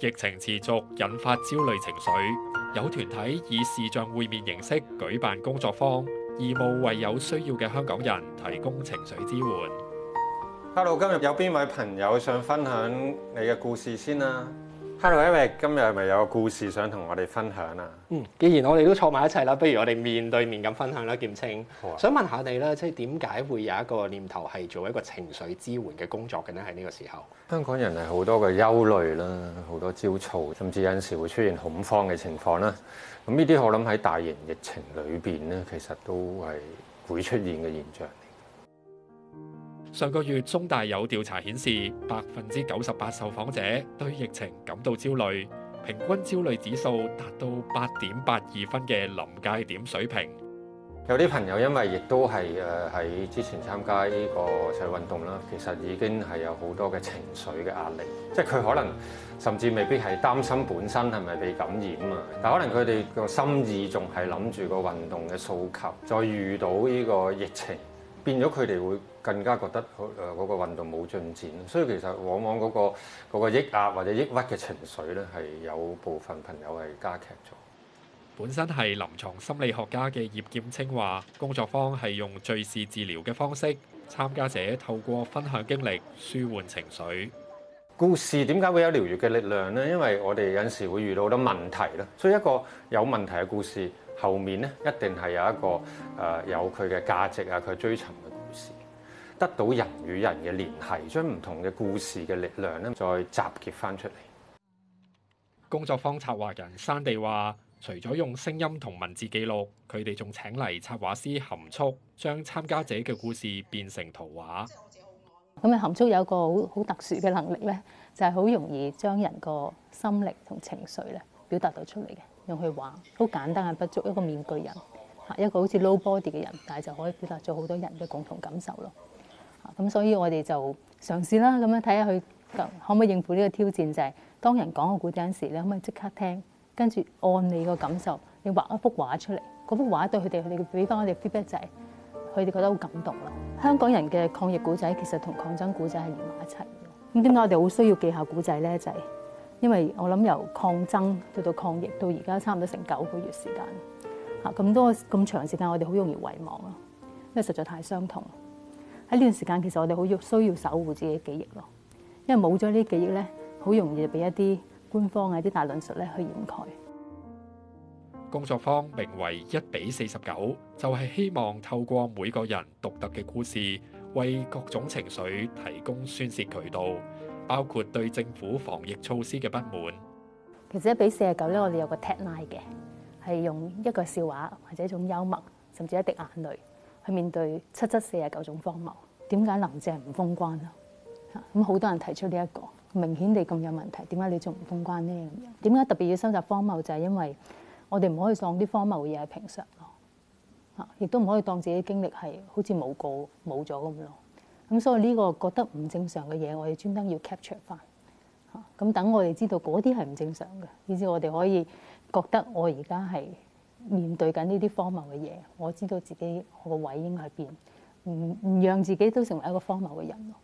疫情持續引發焦慮情緒，有團體以視像會面形式舉辦工作坊，義務為有需要嘅香港人提供情緒支援。Hello，今日有邊位朋友想分享你嘅故事先啊？Hello，Amy，今日係咪有個故事想同我哋分享啊？嗯，既然我哋都坐埋一齊啦，不如我哋面對面咁分享啦，劍青。好啊。想問下你咧，即係點解會有一個念頭係做一個情緒支援嘅工作嘅咧？喺呢個時候，香港人係好多嘅憂慮啦，好多焦躁，甚至有時會出現恐慌嘅情況啦。咁呢啲我諗喺大型疫情裏邊咧，其實都係會出現嘅現象。上個月中大有調查顯示，百分之九十八受訪者對疫情感到焦慮，平均焦慮指數達到八點八二分嘅臨界點水平。有啲朋友因為亦都係誒喺之前參加呢個社運啦，其實已經係有好多嘅情緒嘅壓力，即係佢可能甚至未必係擔心本身係咪被感染啊，但可能佢哋個心意仲係諗住個運動嘅訴求，再遇到呢個疫情。變咗佢哋會更加覺得誒嗰個運動冇進展，所以其實往往嗰個嗰個抑壓或者抑鬱嘅情緒咧，係有部分朋友係加劇咗。本身係臨牀心理學家嘅葉劍清話，工作坊係用敍事治療嘅方式，參加者透過分享經歷舒緩情緒。故事點解會有療愈嘅力量呢？因為我哋有時會遇到好多問題啦，所以一個有問題嘅故事。後面咧，一定係有一個誒，有佢嘅價值啊，佢追尋嘅故事，得到人與人嘅聯繫，將唔同嘅故事嘅力量咧，再集結翻出嚟。工作坊策劃人山地話，除咗用聲音同文字記錄，佢哋仲請嚟策劃師含蓄，將參加者嘅故事變成圖畫。咁啊，含蓄有一個好好特殊嘅能力咧，就係、是、好容易將人個心靈同情緒咧，表達到出嚟嘅。用去畫，好簡單嘅不足一個面具人，嚇一個好似 low body 嘅人，但係就可以表達咗好多人嘅共同感受咯。咁所以我哋就嘗試啦，咁樣睇下佢可唔可以應付呢個挑戰，就係當人講個古仔嗰陣時，你可唔可以即刻聽，跟住按你個感受你畫一幅畫出嚟，嗰幅畫對佢哋，佢哋俾翻我哋 feedback 佢哋覺得好感動咯。香港人嘅抗疫古仔其實同抗爭古仔係連埋一齊嘅。咁點解我哋好需要記下古仔咧？就係因為我諗由抗爭到到抗疫到而家差唔多成九個月時間，咁多咁長時間，我哋好容易遺忘咯，因為實在太相同。喺呢段時間，其實我哋好要需要守護自己嘅記憶咯，因為冇咗呢記憶咧，好容易俾一啲官方啊啲大論述咧去掩蓋。工作坊名為一比四十九，就係希望透過每個人獨特嘅故事，為各種情緒提供宣泄渠道。包括對政府防疫措施嘅不滿。其實一比四十九咧，我哋有個 tagline 嘅，係用一個笑話或者一種幽默，甚至一滴眼淚去面對七七四十九種荒謬。點解林鄭唔封關啊？咁好多人提出呢、這、一個，明顯地咁有問題，點解你仲唔封關咧？點解特別要收集荒謬，就係、是、因為我哋唔可以當啲荒謬嘅嘢係平常咯。啊，亦都唔可以當自己的經歷係好似冇過冇咗咁咯。咁所以呢個覺得唔正常嘅嘢，我哋專登要 capture 翻吓。咁等我哋知道嗰啲係唔正常嘅，以致我哋可以覺得我而家係面對緊呢啲荒謬嘅嘢。我知道自己我個位應該喺邊，唔唔讓自己都成為一個荒謬嘅人咯。